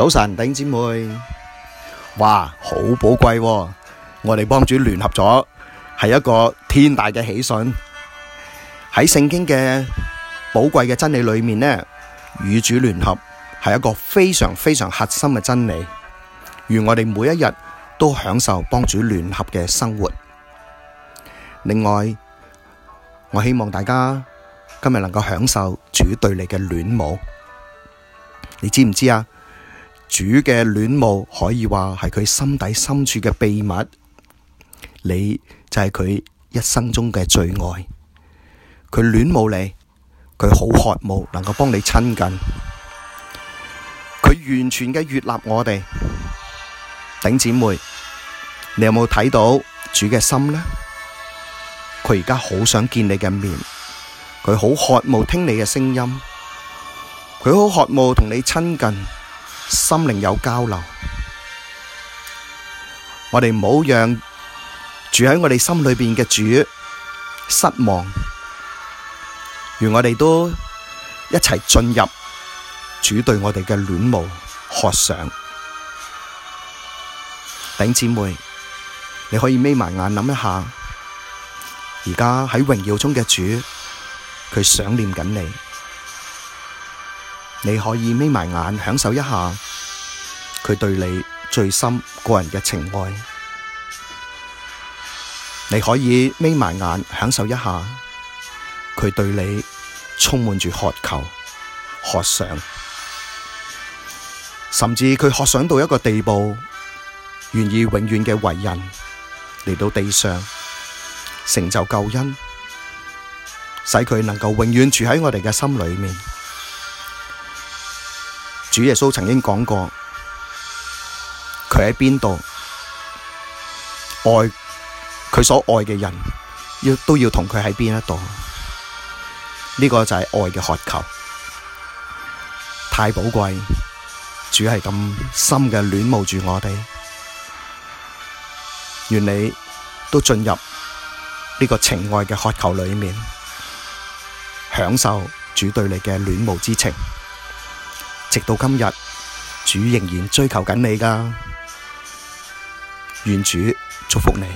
早晨，弟兄姊妹，哇，好寶貴喎！我哋幫主聯合咗，係一個天大嘅喜訊。喺聖經嘅寶貴嘅真理裏面呢，與主聯合係一個非常非常核心嘅真理。願我哋每一日都享受幫主聯合嘅生活。另外，我希望大家今日能夠享受主對你嘅戀慕。你知唔知啊？主嘅戀慕可以話係佢心底深處嘅秘密，你就係佢一生中嘅最愛，佢戀慕你，佢好渴望能夠幫你親近，佢完全嘅悅納我哋，頂姐妹，你有冇睇到主嘅心呢？佢而家好想見你嘅面，佢好渴望聽你嘅聲音，佢好渴望同你親近。心靈有交流，我哋唔好讓住喺我哋心裏邊嘅主失望，願我哋都一齊進入主對我哋嘅戀慕渴想。頂姊妹，你可以眯埋眼諗一下，而家喺榮耀中嘅主，佢想念緊你。你可以眯埋眼享受一下，佢對你最深個人嘅情愛。你可以眯埋眼享受一下，佢對你充滿住渴求、渴想，甚至佢渴想到一個地步，願意永遠嘅為人嚟到地上，成就救恩，使佢能夠永遠住喺我哋嘅心裏面。主耶穌曾經講過，佢喺邊度愛佢所愛嘅人，都要同佢喺邊一度。呢個就係愛嘅渴求，太寶貴。主係咁深嘅戀慕住我哋，願你都進入呢個情愛嘅渴求裏面，享受主對你嘅戀慕之情。直到今日，主仍然追求緊你㗎，願主祝福你。